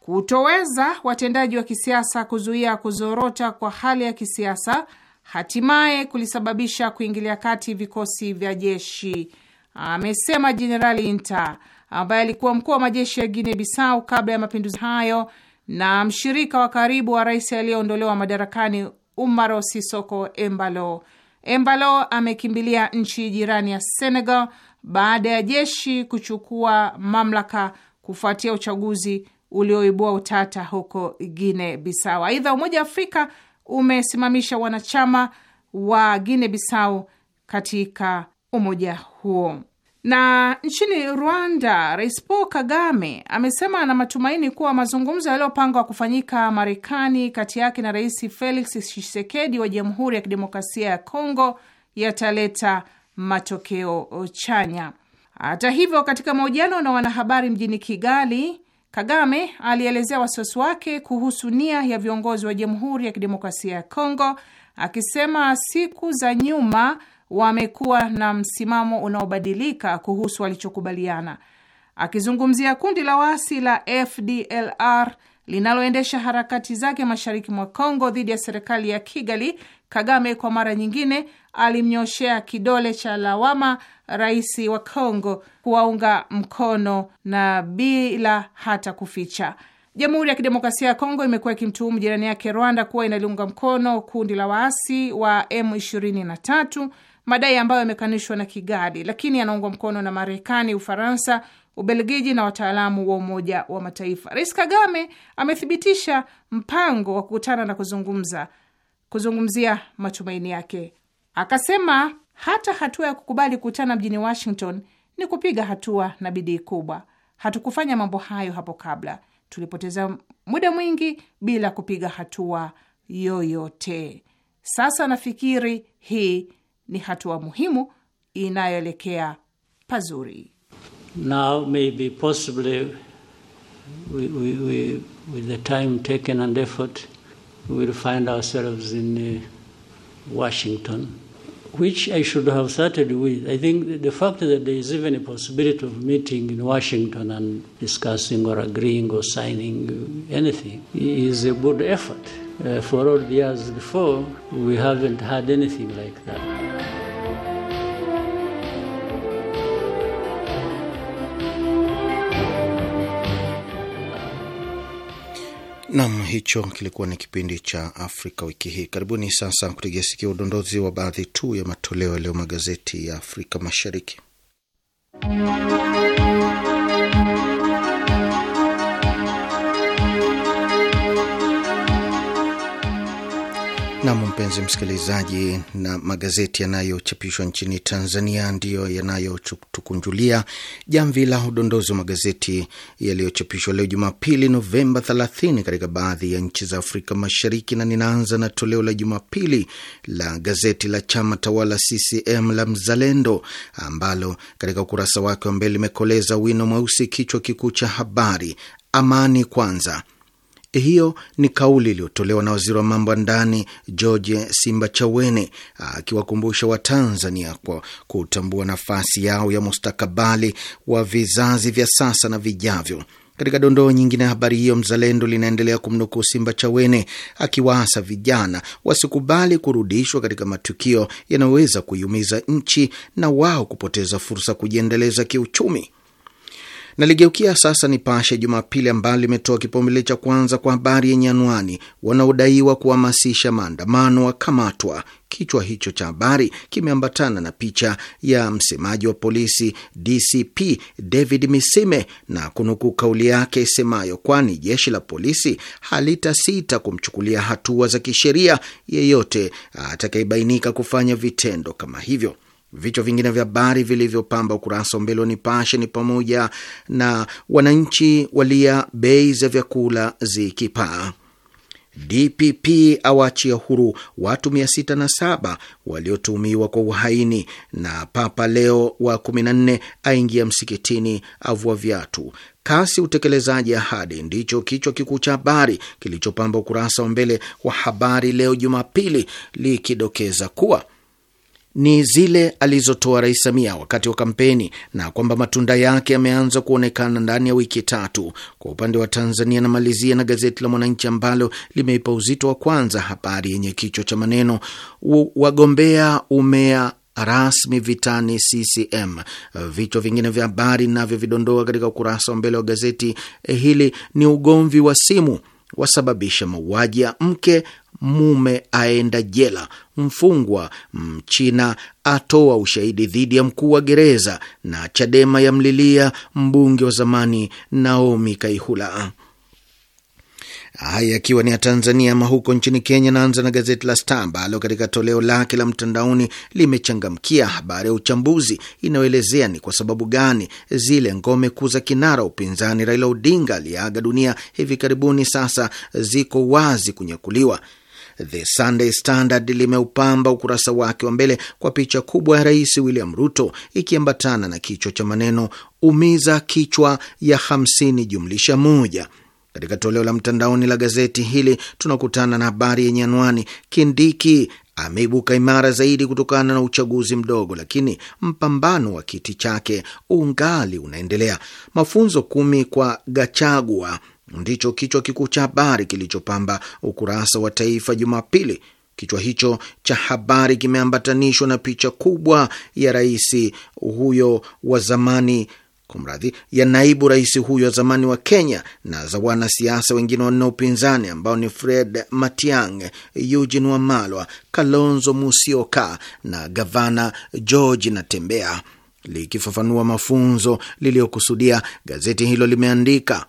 S5: Kutoweza watendaji wa kisiasa kuzuia kuzorota kwa hali ya kisiasa hatimaye kulisababisha kuingilia kati vikosi vya jeshi, amesema Jenerali Inta ambaye alikuwa mkuu wa majeshi ya Guinea Bissau kabla ya mapinduzi hayo na mshirika wa karibu wa rais aliyeondolewa madarakani Umaro Sisoko Embalo. Embalo amekimbilia nchi jirani ya Senegal baada ya jeshi kuchukua mamlaka kufuatia uchaguzi ulioibua utata huko guine Bissau. Aidha, Umoja wa Afrika umesimamisha wanachama wa guine Bissau katika umoja huo. Na nchini Rwanda, Rais Paul Kagame amesema ana matumaini kuwa mazungumzo yaliyopangwa kufanyika Marekani kati yake na Rais Felix Tshisekedi wa Jamhuri ya Kidemokrasia ya Kongo yataleta matokeo chanya. Hata hivyo, katika mahojiano na wanahabari mjini Kigali, Kagame alielezea wasiwasi wake kuhusu nia ya viongozi wa Jamhuri ya Kidemokrasia ya Kongo, akisema siku za nyuma wamekuwa na msimamo unaobadilika kuhusu walichokubaliana. Akizungumzia kundi la waasi la FDLR linaloendesha harakati zake mashariki mwa Kongo dhidi ya serikali ya Kigali, Kagame kwa mara nyingine alimnyoshea kidole cha lawama rais wa Kongo kuwaunga mkono na bila hata kuficha. Jamhuri ya Kidemokrasia ya Kongo imekuwa ikimtuhumu jirani yake Rwanda kuwa inaliunga mkono kundi la waasi wa M23 madai ambayo yamekanishwa na Kigali, lakini yanaungwa mkono na Marekani, Ufaransa, Ubelgiji na wataalamu wa Umoja wa Mataifa. Rais Kagame amethibitisha mpango wa kukutana na kuzungumza kuzungumzia matumaini yake. Akasema hata hatua ya kukubali kukutana mjini Washington ni kupiga hatua na bidii kubwa. Hatukufanya mambo hayo hapo kabla, tulipoteza muda mwingi bila kupiga hatua yoyote. Sasa nafikiri hii ni hatua muhimu inayoelekea pazuri.
S1: Now maybe possibly we, we, we, with the time taken and effort we find ourselves in uh, Washington which I should have started with. I think the fact that there is even a possibility of meeting in Washington and discussing or agreeing or signing anything is a good effort. Uh, for all the years before, we haven't had anything like that.
S3: Nam, hicho kilikuwa ni kipindi cha Afrika wiki hii. Karibuni sasa kutegea sikia udondozi wa baadhi tu ya matoleo ya leo magazeti ya Afrika Mashariki. Nam, mpenzi msikilizaji, na magazeti yanayochapishwa nchini Tanzania ndiyo yanayotukunjulia jamvi la udondozi wa magazeti yaliyochapishwa leo Jumapili, Novemba 30 katika baadhi ya nchi za Afrika Mashariki, na ninaanza na toleo la Jumapili la gazeti la chama tawala CCM la Mzalendo, ambalo katika ukurasa wake wa mbele limekoleza wino mweusi, kichwa kikuu cha habari, amani kwanza hiyo ni kauli iliyotolewa na waziri wa mambo ya ndani George simba chawene akiwakumbusha Watanzania kwa kutambua nafasi yao ya mustakabali wa vizazi vya sasa na vijavyo. Katika dondoo nyingine ya habari hiyo, Mzalendo linaendelea kumnukuu simba chawene akiwaasa vijana wasikubali kurudishwa katika matukio yanayoweza kuiumiza nchi na wao kupoteza fursa kujiendeleza kiuchumi. Naligeukia sasa Nipashe Jumapili, ambalo limetoa kipaumbele cha kwanza kwa habari yenye anwani wanaodaiwa kuhamasisha maandamano wakamatwa. Kichwa hicho cha habari kimeambatana na picha ya msemaji wa polisi DCP David Misime na kunukuu kauli yake isemayo, kwani jeshi la polisi halitasita kumchukulia hatua za kisheria yeyote atakayebainika kufanya vitendo kama hivyo. Vichwa vingine vya habari vilivyopamba ukurasa wa mbele wa Nipashe ni pamoja na wananchi walia bei za vyakula zikipaa, DPP awachia huru watu 607 waliotumiwa kwa uhaini, na Papa Leo wa 14 aingia msikitini avua viatu. Kasi utekelezaji ahadi ndicho kichwa kikuu cha habari kilichopamba ukurasa wa mbele wa Habari Leo Jumapili, likidokeza kuwa ni zile alizotoa Rais Samia wakati wa kampeni na kwamba matunda yake yameanza kuonekana ndani ya wiki tatu. Kwa upande wa Tanzania, namalizia na gazeti la Mwananchi ambalo limeipa uzito wa kwanza habari yenye kichwa cha maneno wagombea umea rasmi vitani CCM. Vichwa vingine vya habari navyo vidondoa katika ukurasa wa mbele wa gazeti hili ni ugomvi wa simu wasababisha mauaji ya mke, mume aenda jela, mfungwa mchina atoa ushahidi dhidi ya mkuu wa gereza, na Chadema yamlilia mbunge wa zamani Naomi Kaihula. Haya akiwa ni ya Tanzania. Ama huko nchini Kenya, naanza na gazeti la Star ambalo katika toleo lake la mtandaoni limechangamkia habari ya uchambuzi inayoelezea ni kwa sababu gani zile ngome kuu za kinara upinzani Raila Odinga aliyeaga dunia hivi karibuni sasa ziko wazi kunyakuliwa. The Sunday Standard limeupamba ukurasa wake wa mbele kwa picha kubwa ya Rais William Ruto ikiambatana na kichwa cha maneno umiza kichwa ya hamsini jumlisha moja katika toleo la mtandaoni la gazeti hili tunakutana na habari yenye anwani Kindiki ameibuka imara zaidi kutokana na uchaguzi mdogo, lakini mpambano wa kiti chake ungali unaendelea. Mafunzo kumi kwa Gachagua ndicho kichwa kikuu cha habari kilichopamba ukurasa wa Taifa Jumapili. Kichwa hicho cha habari kimeambatanishwa na picha kubwa ya rais huyo wa zamani kumradhi, ya naibu rais huyo wa zamani wa Kenya na za wanasiasa wengine wanne upinzani ambao ni Fred Matiang, Eugene Wamalwa, Kalonzo Musyoka na gavana George Natembea. Likifafanua mafunzo liliyokusudia, gazeti hilo limeandika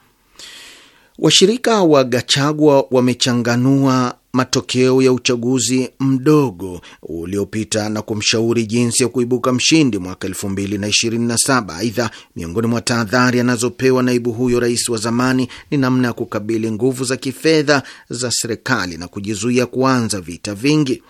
S3: washirika wa Gachagua wamechanganua matokeo ya uchaguzi mdogo uliopita na kumshauri jinsi ya kuibuka mshindi mwaka saba. Aidha, miongoni mwa tahadhari anazopewa naibu huyo rais wa zamani ni namna ya kukabili nguvu za kifedha za serikali na kujizuia kuanza vita vingi.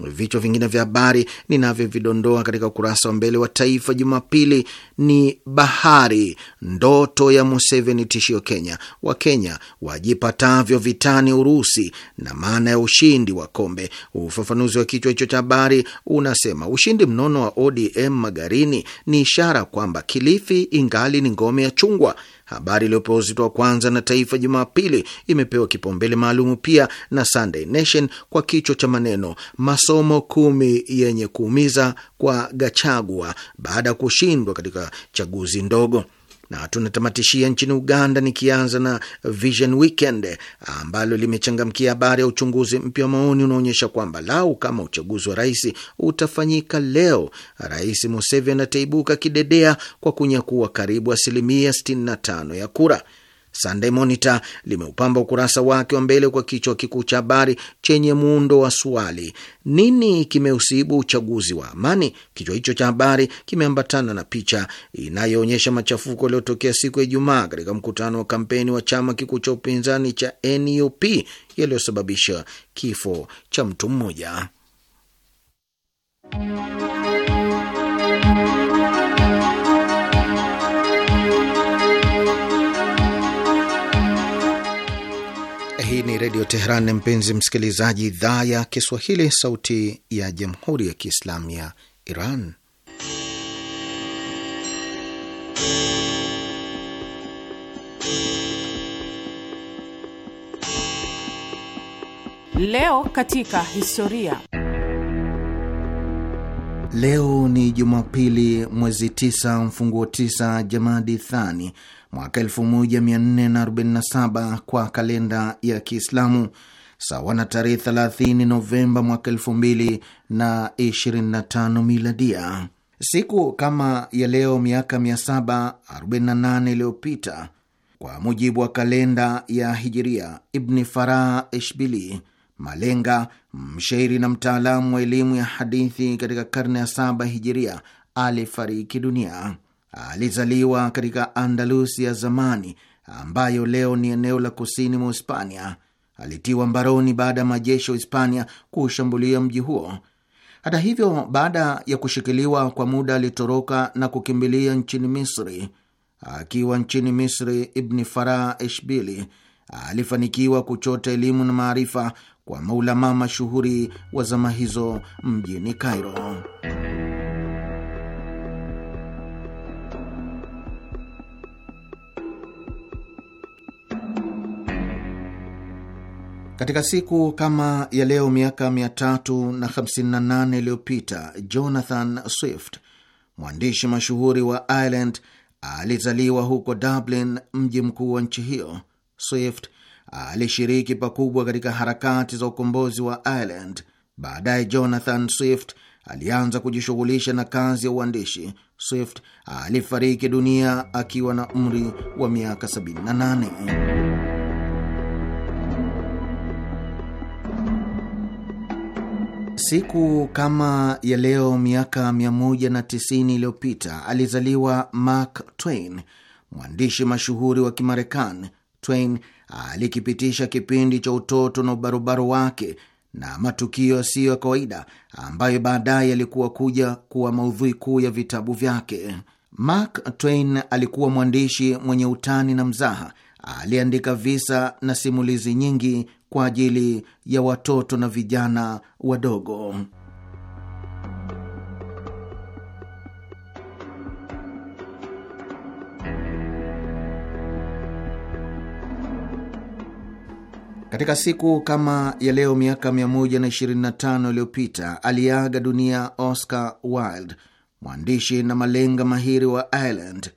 S3: Vichwa vingine vya habari ninavyovidondoa katika ukurasa wa mbele wa Taifa Jumapili ni bahari, ndoto ya Museveni tishio Kenya, Wakenya wajipatavyo vitani Urusi na maana ya ushindi wa kombe. Ufafanuzi wa kichwa hicho cha habari unasema ushindi mnono wa ODM Magarini ni ishara kwamba Kilifi ingali ni ngome ya chungwa Habari iliyopewa uzito wa kwanza na Taifa Jumapili imepewa kipaumbele maalumu pia na Sunday Nation kwa kichwa cha maneno masomo kumi yenye kuumiza kwa Gachagua baada ya kushindwa katika chaguzi ndogo. Na tunatamatishia nchini Uganda, nikianza na Vision Weekend ambalo limechangamkia habari ya uchunguzi mpya wa maoni unaonyesha kwamba lau kama uchaguzi wa rais utafanyika leo, Rais Museveni ataibuka kidedea kwa kunyakua karibu asilimia 65 ya kura. Sunday Monitor limeupamba ukurasa wake wa mbele kwa kichwa kikuu cha habari chenye muundo wa swali, nini kimeusibu uchaguzi wa amani? Kichwa hicho cha habari kimeambatana na picha inayoonyesha machafuko yaliyotokea siku ya Ijumaa katika mkutano wa kampeni wa chama kikuu cha upinzani cha NUP yaliyosababisha kifo cha mtu mmoja. Hii ni Redio Teheran, mpenzi msikilizaji, idhaa ya Kiswahili, sauti ya jamhuri ya kiislamu ya Iran.
S5: Leo katika historia.
S3: Leo ni Jumapili, mwezi 9 mfunguo 9 Jamadi Thani mwaka 1447 kwa kalenda ya Kiislamu, sawa na tarehe 30 Novemba mwaka 2025 miladia. Siku kama ya leo miaka 748 iliyopita kwa mujibu wa kalenda ya Hijiria, Ibni Farah Eshbili, malenga mshairi na mtaalamu wa elimu ya hadithi katika karne ya saba Hijiria, alifariki dunia. Alizaliwa katika Andalusi ya zamani ambayo leo ni eneo la kusini mwa Hispania. Alitiwa mbaroni baada ya majeshi ya Hispania kuushambulia mji huo. Hata hivyo, baada ya kushikiliwa kwa muda, alitoroka na kukimbilia nchini Misri. Akiwa nchini Misri, Ibni Farah Eshbili alifanikiwa kuchota elimu na maarifa kwa maulamaa mashuhuri wa zama hizo mjini Kairo. Katika siku kama ya leo miaka 358 iliyopita Jonathan Swift, mwandishi mashuhuri wa Ireland, alizaliwa huko Dublin, mji mkuu wa nchi hiyo. Swift alishiriki pakubwa katika harakati za ukombozi wa Ireland. Baadaye Jonathan Swift alianza kujishughulisha na kazi ya uandishi. Swift alifariki dunia akiwa na umri wa miaka 78. Siku kama ya leo miaka 190 iliyopita alizaliwa Mark Twain, mwandishi mashuhuri wa Kimarekani. Twain alikipitisha kipindi cha utoto na ubarobaro wake na matukio yasiyo ya kawaida ambayo baadaye yalikuwa kuja kuwa maudhui kuu ya vitabu vyake. Mark Twain alikuwa mwandishi mwenye utani na mzaha. Aliandika visa na simulizi nyingi kwa ajili ya watoto na vijana wadogo. Katika siku kama ya leo miaka 125 iliyopita aliaga dunia Oscar Wilde, mwandishi na malenga mahiri wa Ireland.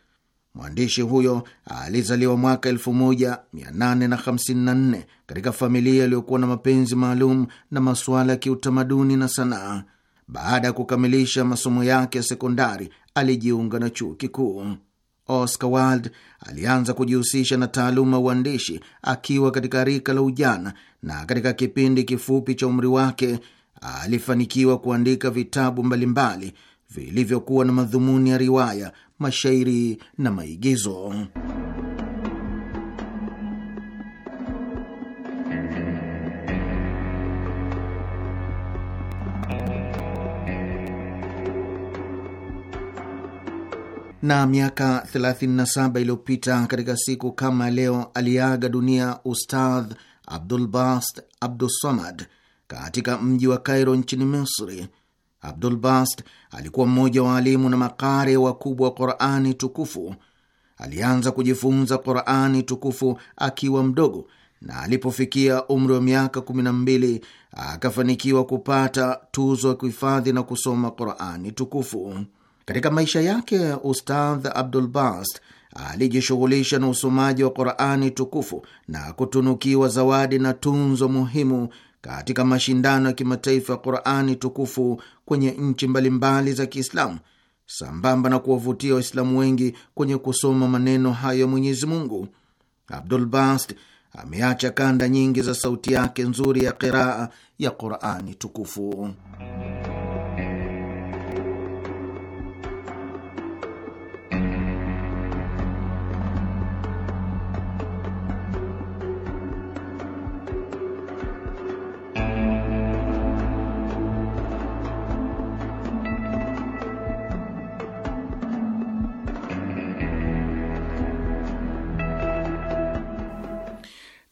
S3: Mwandishi huyo alizaliwa mwaka 1854 katika familia iliyokuwa na mapenzi maalum na masuala ya kiutamaduni na sanaa. Baada ya kukamilisha masomo yake ya sekondari, alijiunga na chuo kikuu. Oscar Wilde alianza kujihusisha na taaluma ya uandishi akiwa katika rika la ujana, na katika kipindi kifupi cha umri wake alifanikiwa kuandika vitabu mbalimbali vilivyokuwa na madhumuni ya riwaya, mashairi na maigizo. na miaka 37 iliyopita katika siku kama leo aliaga dunia Ustadh Abdul Bast Abdussamad katika mji wa Kairo nchini Misri. Abdul Bast alikuwa mmoja wa alimu na makare wakubwa wa Qurani tukufu. Alianza kujifunza Qurani tukufu akiwa mdogo na alipofikia umri wa miaka 12 akafanikiwa kupata tuzo ya kuhifadhi na kusoma Qurani tukufu. Katika maisha yake, Ustadh Abdul Bast alijishughulisha na usomaji wa Qurani tukufu na kutunukiwa zawadi na tunzo muhimu katika mashindano ya kimataifa ya Qurani tukufu kwenye nchi mbalimbali za Kiislamu, sambamba na kuwavutia Waislamu wengi kwenye kusoma maneno hayo ya Mwenyezi Mungu. Abdul Bast ameacha kanda nyingi za sauti yake nzuri ya qiraa ya Qurani tukufu.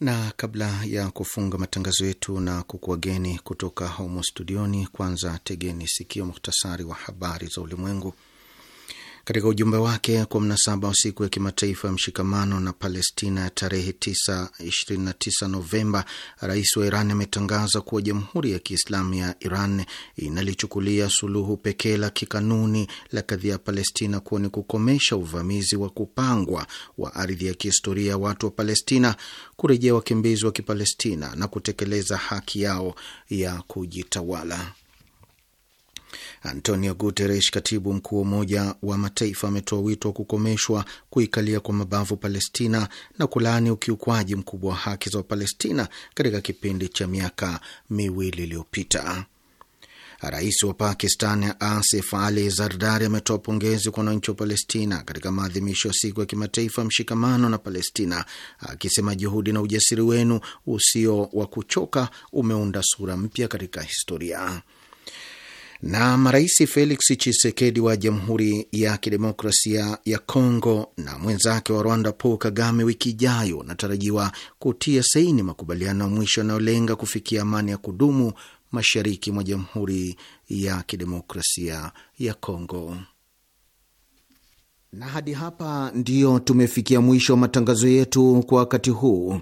S3: na kabla ya kufunga matangazo yetu na kukuwageni kutoka humo studioni, kwanza tegeni sikio muhtasari wa habari za ulimwengu katika ujumbe wake kwa mnasaba wa siku ya kimataifa ya mshikamano na Palestina ya tarehe 9 29 Novemba, rais wa Iran ametangaza kuwa Jamhuri ya Kiislamu ya Iran inalichukulia suluhu pekee la kikanuni la kadhia ya Palestina kuwa ni kukomesha uvamizi wa kupangwa wa ardhi ya kihistoria ya watu wa Palestina, kurejea wakimbizi wa Kipalestina na kutekeleza haki yao ya kujitawala. Antonio Guterres, katibu mkuu wa Umoja wa Mataifa, ametoa wito wa kukomeshwa kuikalia kwa mabavu Palestina na kulaani ukiukwaji mkubwa wa haki za Wapalestina katika kipindi cha miaka miwili iliyopita. Rais wa Pakistan Asif Ali Zardari ametoa pongezi kwa wananchi wa Palestina katika maadhimisho ya siku ya kimataifa mshikamano na Palestina, akisema juhudi na ujasiri wenu usio wa kuchoka umeunda sura mpya katika historia na marais Felix Chisekedi wa Jamhuri ya Kidemokrasia ya Kongo na mwenzake wa Rwanda Paul Kagame wiki ijayo wanatarajiwa kutia saini makubaliano ya mwisho yanayolenga kufikia amani ya kudumu mashariki mwa Jamhuri ya Kidemokrasia ya Kongo. Na hadi hapa ndiyo tumefikia mwisho wa matangazo yetu kwa wakati huu.